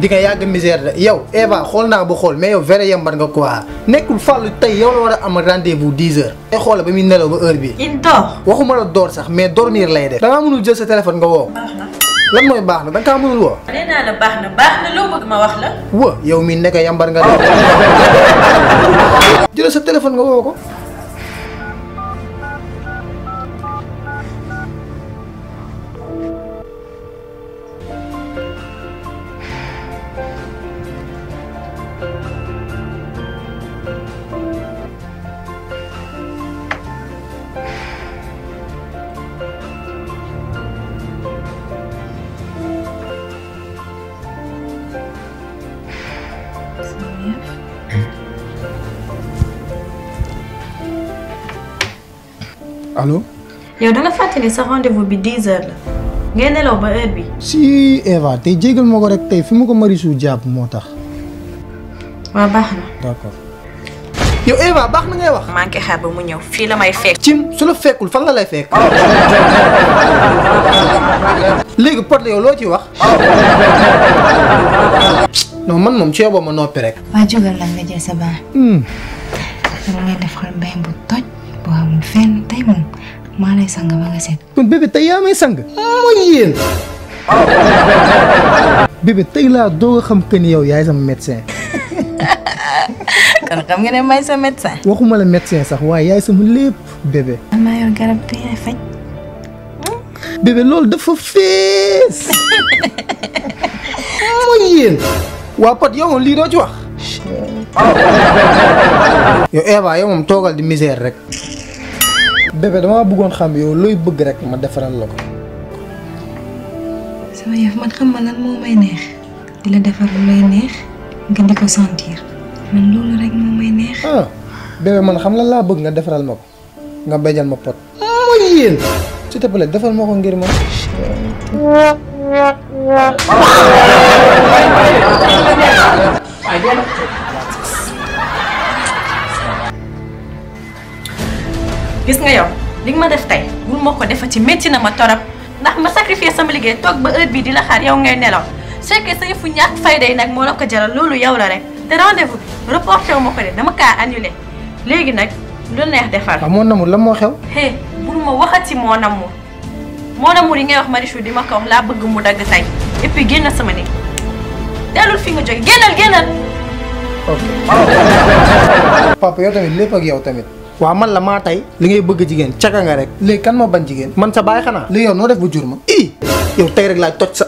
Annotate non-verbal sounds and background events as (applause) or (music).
di nga yàgg misère de yow Eva xool naa ba xool mais yow vrai yambar nga quoi nekkul fàllu tey yow la war a am rendez-vous 10 heures te xoola ba muy nelaw ba heure bi il dort waxuma la door sax mais dormir lay de dangaa mënul jël sa téléphone nga woo lan mooy baax na danga kaa mënul woo nee naa baax na baax na loo ma wax la wa yow mi nekk yambar nga de oh. (laughs) jël sa téléphone nga woo ko Allô yow dala fàttali sa rendez-vous bi 10 h la ngay nelaw ba heure bi si Eva tey jégal moko rek tay fi ma ko Marichou jàpp moo tax waa baax d'accord Yo Eva bax na ngay wax maa ngi xaar ba mu ñew fi la may fekk cim su la fekkul fan la lay fekk (laughs) léegi pot la yow lo ci wax (laughs) non man mom ci yow ba ma noppi rek waa jógal la nga jël sa baax hmm. dama ngay xol mbay bu toj boo xamul fenn tey moom maa lay sang ba nga set. kon bébé tey yaa sang. mooy yéen. bébé tey laa doog xam que ni yow yaay sama médecin. kon xam nga ne may sa médecin. waxuma la sax waaye yaay sama lépp bébé. man maa yor garab bi lay bébé loolu dafa fees. mooy yéen. waa Pod yow lii doo ci wax. yow Eva eh, yow mom togal di misère rek. bébé dama bëggon xam yo looy bëgg rek ma défaral lako sama yef man xam man lan moo may neex dila défar lu may neex nga diko sentir man loolu rek mo may neex. ah bébé man xam la la bëgg nga défaral mako nga bëjjal ma pot. mo yeen ci te plaît defal ma ngir ma. ayo gis nga yow li ma def tay bu ma ko defa ci métti na ma torop ndax ma sacrifier sama liguey tok ba heure bi di la xaar yow ngay nelaw que sey fu ñak fay day nak mo la ko jaral lolu yow la rek te rendez-vous bi reporté wu mako ko dama ka annuler léegi nak lu neex defal ah, moo namu lan mo xew hé bu ma waxati mo namu mo namu li ngay wax marichu di mako wax la bëgg mu dag tay et puis génn sama néeg dalul fi nga jóge génnal génnal (laughs) papa yo tamit lépp ak yow tamit waaw man la maa tey li ngay bëgg a jigéen caga nga rek léegi kan moo ban jigéen man sa baay xanaa li yow noo def bu jur ma i yow tey rek laaj toj sa